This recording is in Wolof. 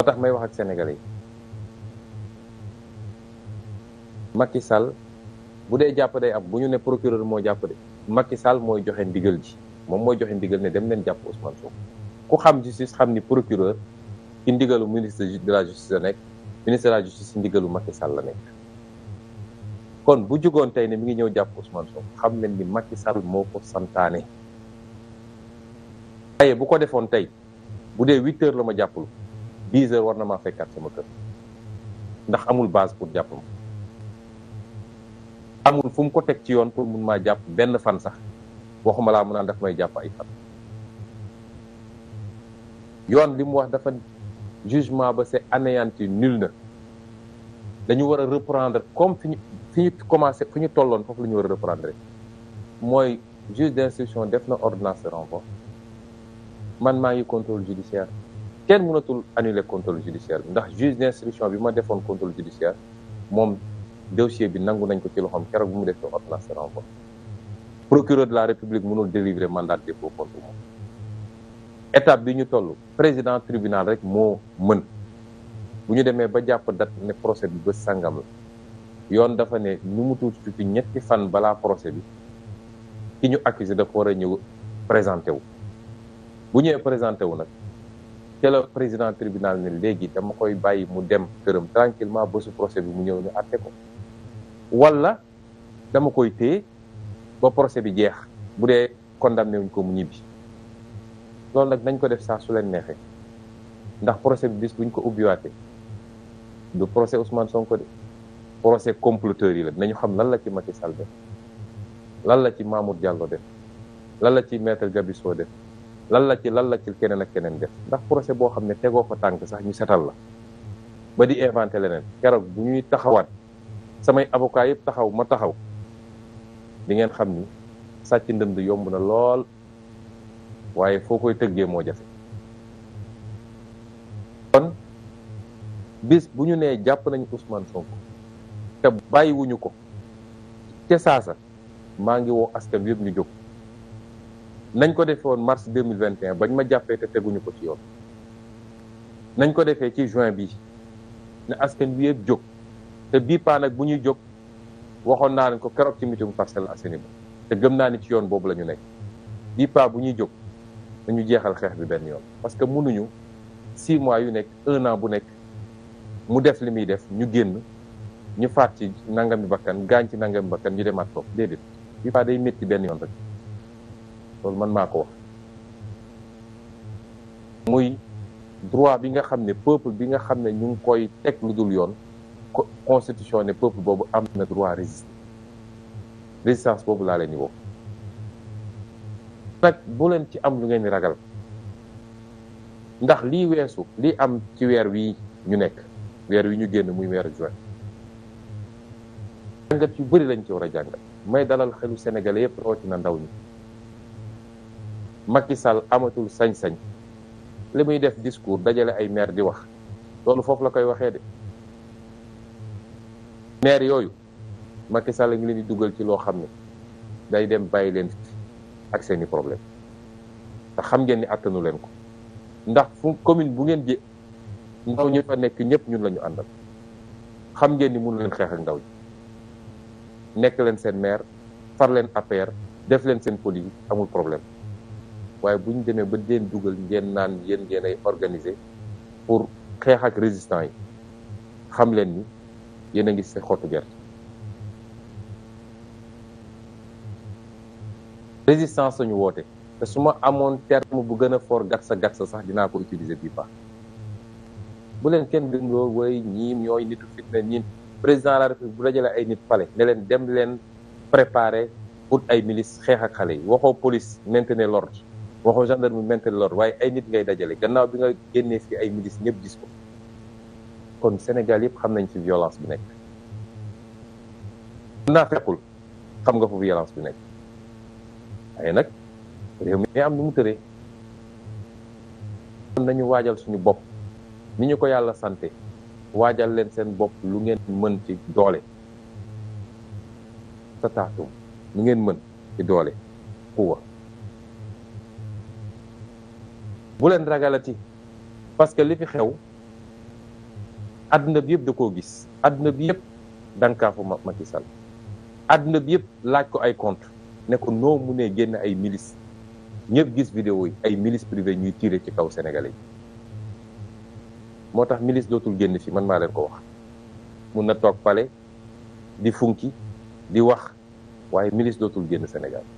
moo tax may wax ak sénégalais yi Macky Sall bu dee jàpp day am bu ñu ne procureur moo jàpp de Macky Sall mooy joxe ndigal ji moom mooy joxe ndigal ne dem leen jàpp Ousmane Sonko ku xam justice xam ni procureur ci ndigalu ministre de la justice la nekk ministre de la justice ci ndigalu Macky la nekk kon bu jugoon tey ne mi ngi ñëw jàpp Ousmane Sonko xam leen ni Macky Sall moo ko santaane waaye bu ko defoon tey bu dee huit heures la ma jàppul dix heures war na maa fekkaat sama kër ndax amul base pour jàpp ma amul fu mu ko teg ci yoon pour mun maa jàpp benn fan sax waxuma laa mu naan daf may jàpp ay fan yoon li mu wax dafa jugement ba c'est anéanti nul na dañu war a reprendre comme fi ñu fi ñu commencé fi ñu tolloon foofu la ñu war a reprendre mooy juge d'instruction def na ordonnance de man maa ngi contrôle judiciaire kenn mënatul annuler contrôle judiciaire bi ndax juge d'instruction bi ma defoon contrôle judiciaire moom dossier bi nangu nañ ko ci loxoom keroog bu mu defee ordonnance de renvoi procureur de la république mënul délivrer mandat de dépôt contre moom étape bi ñu toll président tribunal rek moo mën bu ñu demee ba jàpp date ne procès bi ba sangam la yoon dafa ne ñu mu tuuti tuuti ñetti fan balaa procès bi ki ñu accusé dafa war a ñëw présenté wu bu ñëwee présenté wu nag ca président tribunal ne léegi dama koy bàyyi mu dem këram tranquillement ba su procès bi mu ñëw ñu àtte ko wala dama koy téye ba procès bi jeex bu dee condamné wuñ ko mu ñibbi loolu nag nañ ko def saa su leen neexee ndax procès bi bis buñ ko ubbiwaatee du procès Ousmane Sonko de procès comploteur yi la ñu xam lan la ci Macky Sall def lan la ci Mamour jàlloo def lan la ci maître Gabisso def lan la ci lan la ci keneen ak keneen def ndax projet boo xam ne tegoo ko tànk sax ñu setal la ba di inventé leneen keroog bu ñuy taxawaat samay avocat yëpp taxaw ma taxaw di ngeen xam ni sàcc ndënd yomb na lool waaye foo koy tëggee moo jafe kon bis bu ñu nee jàpp nañ Ousmane Sonko te bàyyiwuñu ko te saasa maa ngi woo askan wi yëpp ñu jóg nañ ko defee woon mars deux mille vingt bañ ma jàppee te teguñu ko ci yoon nañ ko defee ci juin bi ne askan bi yëpp jóg te bii nag bu ñuy jóg waxoon naa leen ko keroog ci parcel Parcelles Assainies te gëm naa ni ci yoon boobu la ñu nekk bii bu ñuy jóg nañu jeexal xeex bi benn yoon parce que mënuñu six mois yu nekk un bu nekk mu def li muy def ñu génn ñu faat ci nangami bakkan gaañ ci nangami bakkan ñu demaat toog déedéet bii paa day métti benn yoon rek loolu man maa ko wax muy droit bi nga xam ne peuple bi nga xam ne ñu ngi koy teg lu dul yoon constitution ne peuple boobu am na droit résister résistance boobu laa leen di woo nag bu leen ci am lu ngeen di ragal ndax lii weesu lii am ci weer wi ñu nekk weer wi ñu génn muy weeru juin jàngat yu bëri lañ ci war a jàngat may dalal xelu Sénégalais yëpp na ndaw ñi Macky Sall amatul sañ-sañ li muy def discours dajale ay maire di wax loolu foofu la koy waxee de maire yooyu Macky Sall ngi leen di dugal ci loo xam ne day dem bàyyi leen ak seeni problème te xam ngeen ni attanu leen ko ndax fu commune bu ngeen ji ndaw ñu fa nekk ñëpp ñun lañu ñu àndal xam ngeen ni mënu leen xeex ak ndaw ji nekk leen seen mair far leen APR def leen seen politique amul problème waaye bu ñu demee ba leen dugal ngeen naan yéen ngeen ay organiser pour xeex ak résistants yi xam leen ni yéen a ngi si xottu gerte. résistance la woote te su ma amoon terme bu gën a fort gatsa gatsa sax dinaa ko utiliser bii baax bu leen kenn gëm loolu way ñii ñooy nitu fitna ñi président de la république bu dajale ay nit pale ne leen dem leen préparer pour ay milice xeex ak xale yi waxoo police ne l'ordre waxoo gendarme maintien de l'ordre waaye ay nit ngay dajale gannaaw bi nga génnee si ay milices ñëpp gis ko kon Sénégal yëpp xam nañ ci violence bi nekk naa fekkul xam nga fu violence bi nekk waaye nag réew am nu mu tëree kon nañu waajal suñu bopp ni ñu ko yàlla santé waajal leen seen bopp lu ngeen mën ci doole sa taatum lu ngeen mën ci doole xuwa bu leen ragalati parce que li fi xew àdduna bi yëpp da koo gis àdduna bi yëpp ma ci sal àdduna bi yëpp laaj ko ay compte ne ko noo mu ne génn ay milice ñëpp gis vidéo yi ay milice privé ñuy tiire ci kaw sénégalais yi moo tax milice dootul génn fi man maa leen ko wax mun na toog pale di funki di wax waaye milice dootul génn Sénégal